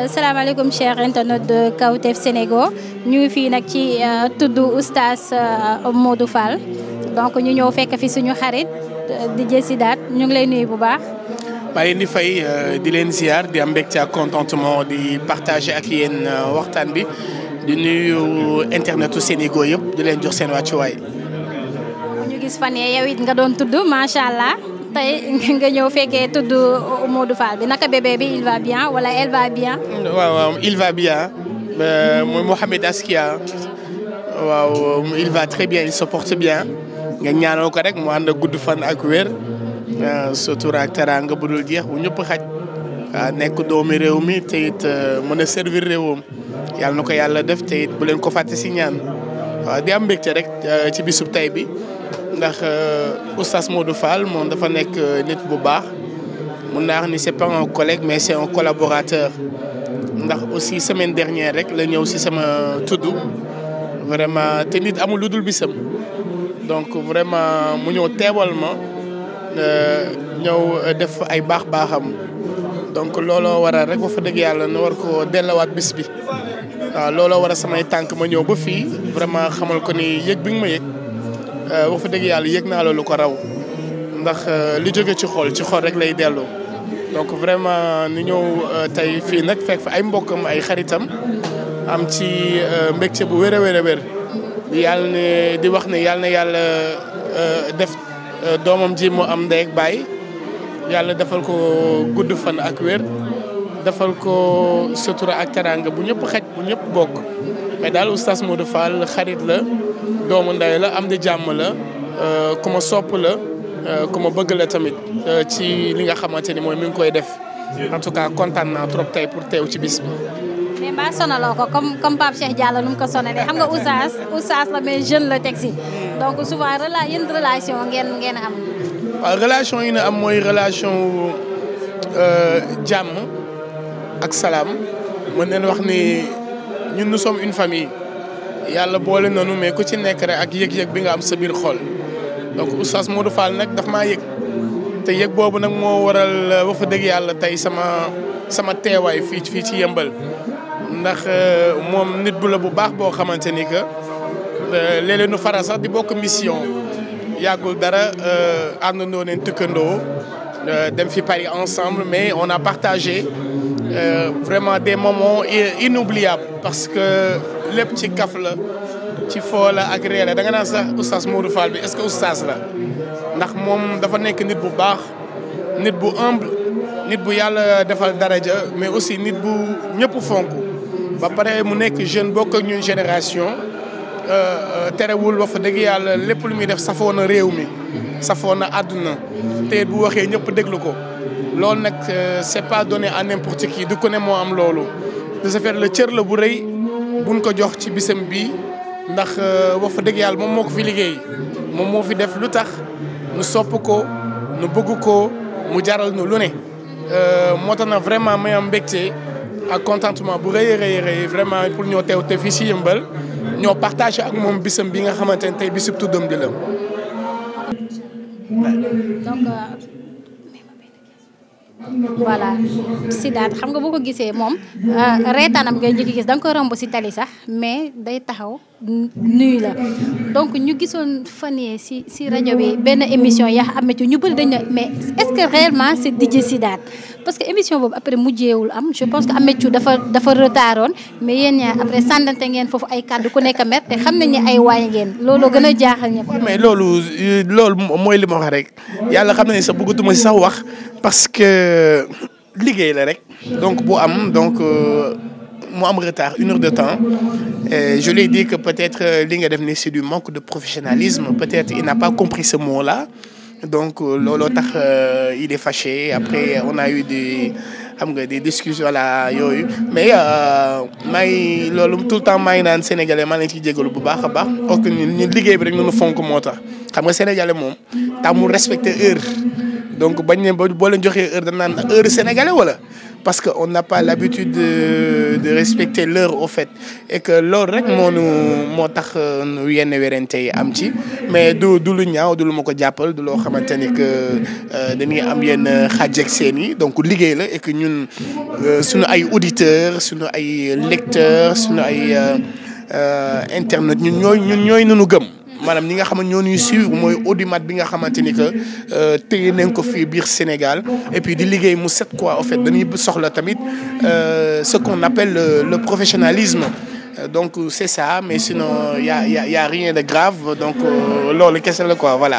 Euh, salaamaaleykum chers internautes de Kawtef Sénégal ñu ngi fii nag ci euh, tudd oustaz euh, Modou Fall donc ñu ñëw fekk fi suñu xarit di jësi daat ñu ngi lay nuyu bu baax. maa leen di fay di leen ziar di am mbégte ak contentement di partager ak yéen waxtaan bi di nuyu internetu Sénégal yëpp di leen jox seen wàccuwaay. ñu gis fan yee yow nga doon tudd macha allah. tey nga ñëw fekkee tudd Modou Fall bi naka bébé bi il va bien wala il va bien euh, mooy Mouhamed Askia waaw il va très bien il se bien nga ñaanoo ko rek mu ànd gudd fan ak wér euh, surtout ak teraanga bu dul jeex bu ñëpp xaj. nekk doomi réew mi te it euh, mën servir réewam yàlla na ko yàlla def te it leen ko fàtte si waaw di am mbégte rek ci bisub tey bi. ndax euh, oustaz Modou Fall moom dafa nekk euh, nit bu baax mun naa wax ni c'est pas un collègue mais collaborateur ndax aussi semaine dernière rek la ñëw si sama tudd vraiment te nit amul lu dul bisam donc vraiment mu ñëw teewal ma euh, ñëw def ay baax baaxam donc looloo waral rek ba fa dëgg yàlla nu war ko dellawaat bis bi waaw looloo waral samay tànk ma ñëw ba fii vraiment xamal ko ni yëg bi nga ma yëg Euh, wax fa dëgg yàlla yëg naa loolu ko raw ndax euh, li jóge ci xool ci xol rek lay dellu donc vraiment nu ñëw euh, tey fii nag fekk fa ay mbokkam ay xaritam am ci mbégte bu wér a wér a wér yàlla ne di wax ne yàlla na yàlla def doomam ji mu am ndey ak baay yàlla defal ko gudd fan ak wér defal ko sutura ak teraanga bu ñëpp xaj bu ñëpp bokk mais daal oustaz Modou Fall xarit la doomu ndey la am di jàmm la euh, ku ma sopp la euh, ku bëgg la tamit euh, ci li nga xamante ni mooy mi ngi koy def en tout cas kontaan naa trop tey pour teew ci bis bi. mais mbaa sonaloo ko comme comme Pape Cheikh Diallo nu mu xam nga oustaz oustaz la mais jeune la teg si donc souvent relation ngeen am. relation yi na am mooy relation jàmm ak salaam mën nañu wax ni ñun nous sommes une famille. yàlla boole nanu mais ku ci nekk rek ak yëg-yëg bi nga am sa biir xol donc oustaz Modou Fall nag daf maa yëg te yëg boobu nag moo waral euh, wax fa dëgg yàlla tey sama sama teewaay fii fii ci yëmbal ndax euh, moom nit bu la bu baax boo xamante ni que euh, léeg-léeg nu faral sax di bokk mission yàggul dara àndandoo neen tëkkandoo dem fi Paris ensemble mais on a partagé vraiment des moments inoubliables parce que lépp ci kaf la ci foo la ak ree la da nga naan sax oustaz Modou Fall bi est-ce que oustaz la ndax moom dafa nekk nit bu baax nit bu humble nit bu yàlla defal daraja mais aussi nit bu ñëpp fonk ba pare mu nekk jeune boo ko ñu génération euh, euh, terewul wax fa dëgg yàlla lépp lu muy def safoo réew mi safoo na àdduna te bu waxee ñëpp déglu ko loolu nag euh, c'est pas donné à n'importe qui du ko ne moo am loolu de ce fait le cër la bu rëy buñ ko jox ci bisam bi ndax euh, wax fa dëgg yàlla moom moo ko fi liggéey moom moo fi def lu tax nu sopp ko nu bëgg ko mu jaral nu lu ne. Euh, moo tax na vraiment may am mbégte ak contentement bu rëy a rëy rëy vraiment pour ñoo teew te fii si yëmbal ñoo partagé ak moom bisam bi nga xamante ne tey bisub tuddam di la. Euh, si sidaat xam nga boo ko gisee moom euh, reetaanam ngay njëkk gis da nga ko romb si tali sax mais day taxaw nuyu la donc ñu gisoon fan yee si si rajo bi benn émission yaa am ci ñu bëri dañ mais est-ce que réellement c'est DJ parce que émission boobu après mujjeewul am je pense que Amethou dafa dafa retardoon mais yéen ñaar après sànnante ngeen foofu ay kàddu ku nekk mer te xam nañ ne ay waay ngeen looloo gën a jaaxal ñëpp. mais loolu loolu mooy li ma wax rek yàlla xam na ne sax bëggatuma si sax wax parce que liggéey la rek donc bu am donc euh, mu am retard une heure de temps. Euh, je lui ai dit que peut-être euh, li nga def ni c'est du manque de professionnalisme peut-être il n'a pas compris ce mot-là donc euh, looloo tax il est fâché après on a eu des xam nga des discussions voilà yooyu mais maa ngi loolu tout le temps maa ngi naan sénégalais maa ngi leen ci jégalu bu baax a baax. ok ñun ñun liggéey bi rek ñu fonk moo tax xam nga sénégalais moom tàmmul respecter heure donc bañ ne boo leen joxee heure dañ naan heure sénégalais wala. parce que on n'a pas l'habitude de, de respecter l'heure au fait et que loolu rek moo nu moo tax euh, nu yenn werante yi am ci mais du du lu ñaaw du lu ma ko jàppal du loo xamante ni que euh, dañuy am yenn xàjj ak seen donc liggéey la et que ñun euh, suñu ay auditeurs suñu ay lecteurs suñu ay internet ñun ñooy ñun ñooy nunu gëm maanaam ñi nga xam ne ñoo ñuy suivre mooy audimat bi nga xamante ni que euh, téye nañ ko biir Sénégal et puis di liggéey mu set quoi en fait dañuy soxla tamit euh, ce qu'on appelle euh, le professionnalisme Euh, donc c'est ça mais sinon y a y y a de grave donc euh, loolu kese la quoi voilà.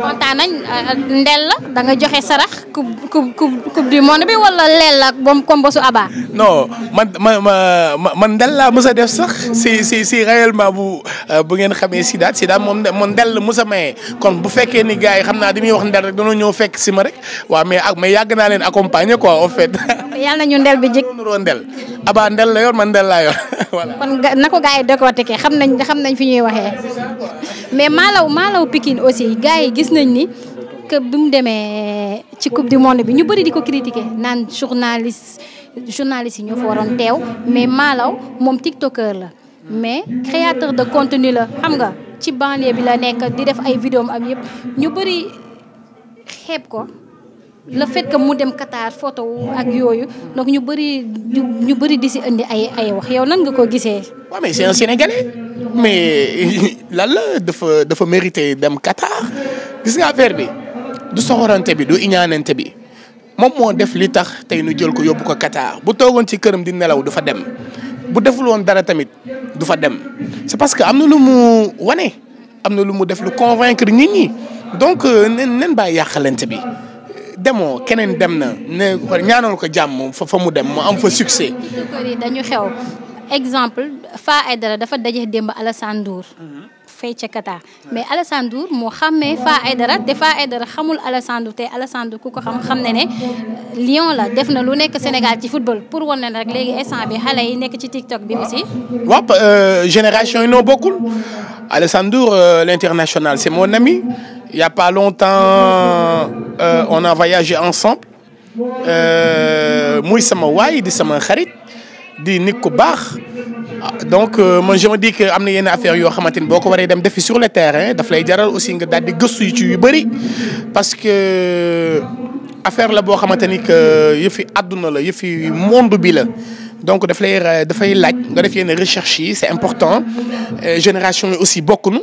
kontaan nañ euh, la da nga joxe sarax coupe coupe coupe du monde bi wala leel la comme comme bosu Aba. non man man man ndel laa mës a def sax si si si réellement bu bu ngeen xamee si daat si daat moom moom ndel la mës a maye kon bu fekkee ni gars yi xam naa dañuy wax ndel rek dañoo ñëw fekk si ma rek waaw mais ak ah, naa leen accompagner quoi en fait. yàlla nañu ndel bi jik ndel abaa ndel la yor man ndel laa yor voilà. kon na ko gars yi décortiquer xam nañ xam nañ fi ñuy waxee mais maalaw maalaw Pikine aussi gars yi gis nañ ni que bi mu demee ci coupe du monde bi ñu bëri di ko critiquer naan journaliste journaliste yi ñoo fa waroon teew mais maalaw moom tiktoker la mais créateur de contenu la xam nga ci banlieue bi la nekk di def ay vidéom ak yëpp ñu bëri xeeb ko la fait que mu dem Qatar photo ak yooyu donc ñu bëri ñu bëri di si indi ay ay wax yow nan nga ko gisee. waaw mais c'est un mais lan dafa dafa mérité dem Qatar gis nga affaire bi du soxorante bi du iñaanante bi moom moo def li tax tey nu jël ko yóbbu ko Qatar bu toogoon ci këram di nelaw du fa dem bu deful woon dara tamit du fa dem c'est parce que am na lu mu wane am na lu mu def lu convaincre nit ñi donc euh, nen nen baa bi. demoo keneen dem na ne ñaanal ko jàmm fa mu dem mu am fa succès. dañu xew exemple Fa ay Aydara dafa daje démb Alassane Ndour. fay ca Qatar mais Alassane Ndour moo xàmmee Fa Aydara te Fa Aydara xamul Alassane Ndour te Alassane ku ko xam xam ne ne Lyon la def na lu nekk Sénégal ci football pour wane ne rek léegi instant bi xale yi nekk ci TikTok bi aussi. waaw euh, génération yi noo bokkul Alassane Ndour euh, l'international c'est mon ami. il y a pas longtemps euh, on a voyagé ensemble euh, muy sama waay di sama xarit di nit ku baax donc euh, man je me dis am na yenn affaire yoo xamante ni boo ko waree dem defi sur le terrain daf lay jaral aussi nga daal di gëstu ci yu bëri parce que euh, affaire la boo xamante ni que yëfi adduna la yëfi monde bi la donc daf lay dafay laaj nga def yenn recherche yi c'est important génération yi aussi bokk nu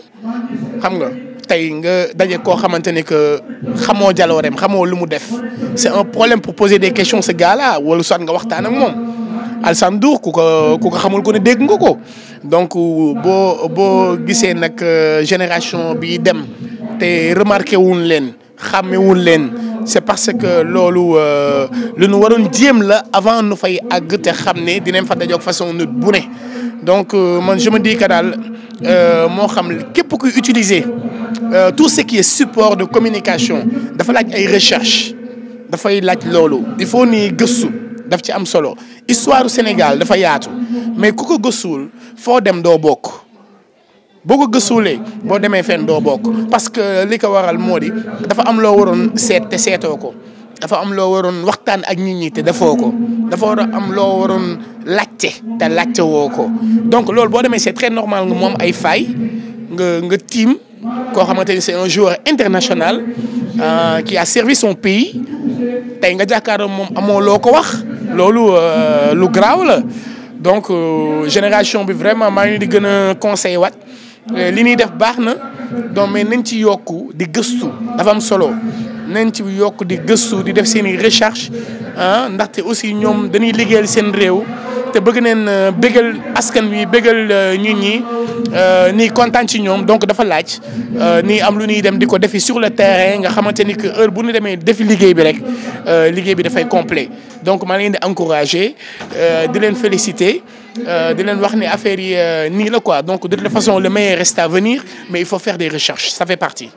xam nga. tey nga daje koo xamante ne que xamoo jalooreem xamoo lu mu def c'est un problème pour poser des questions ce gars-là wala soit nga waxtaan ak moom Alassane Ndour ku ko ku xamul ko ne dégg nga ko donc boo boo gisee nag euh, génération bii dem te remarqué wuñ leen xàmmewul leen c'est parce que loolu euh, lu nu waroon jéem la avant nu fay ag te xam ne dinañ fa dajoog façon nit bu ne donc euh, man je me dis daal moo xam képp ku utiliser Euh, tout ce qui est support de communication dafa laaj ay recherche dafay laaj loolu il faut nii gëstu daf ci am solo histoire Sénégal dafa yaatu mais ku ko gëstuwul foo dem doo bokk boo ko gëstuwulee boo demee fenn doo bokk parce que li ko waral moo di dafa am loo waroon seet te seetoo ko dafa am loo waroon waxtaan ak nit ñi te defoo ko dafa a am loo waroon laajte te ko donc loolu boo demee c'est très normal nga moom ay failles nga tiim. koo xamante ni c'est un joueur international ki euh, a servi son pays tey nga jàkkaarloo moom amoo loo ko wax loolu euh, lu garaaw la donc euh, génération bi vraiment maa ngi di gën a conseillé waat li ñuy def baax na donc mais nañ ci yokku di gëstu dafa am solo nañ ci yokk di gëstu di def seen i ah ndaxte aussi ñoom dañuy liggéeyal seen réew. te bëgg neen euh, bégal askan wi bégal euh, nit ñi euh, nii kontaan ci ñoom donc dafa laaj nii am lu ñuy dem di ko defi sur le terrain nga xamante ni que heure bu ñu demee defi liggéey bi rek liggéey bi dafay complet donc maa ngi leen di encourager di leen féliciter di leen wax ni affaire yi nii la koi donc de toute façon le meilleur resta à venir mais il faut faire des recherches ça fait partie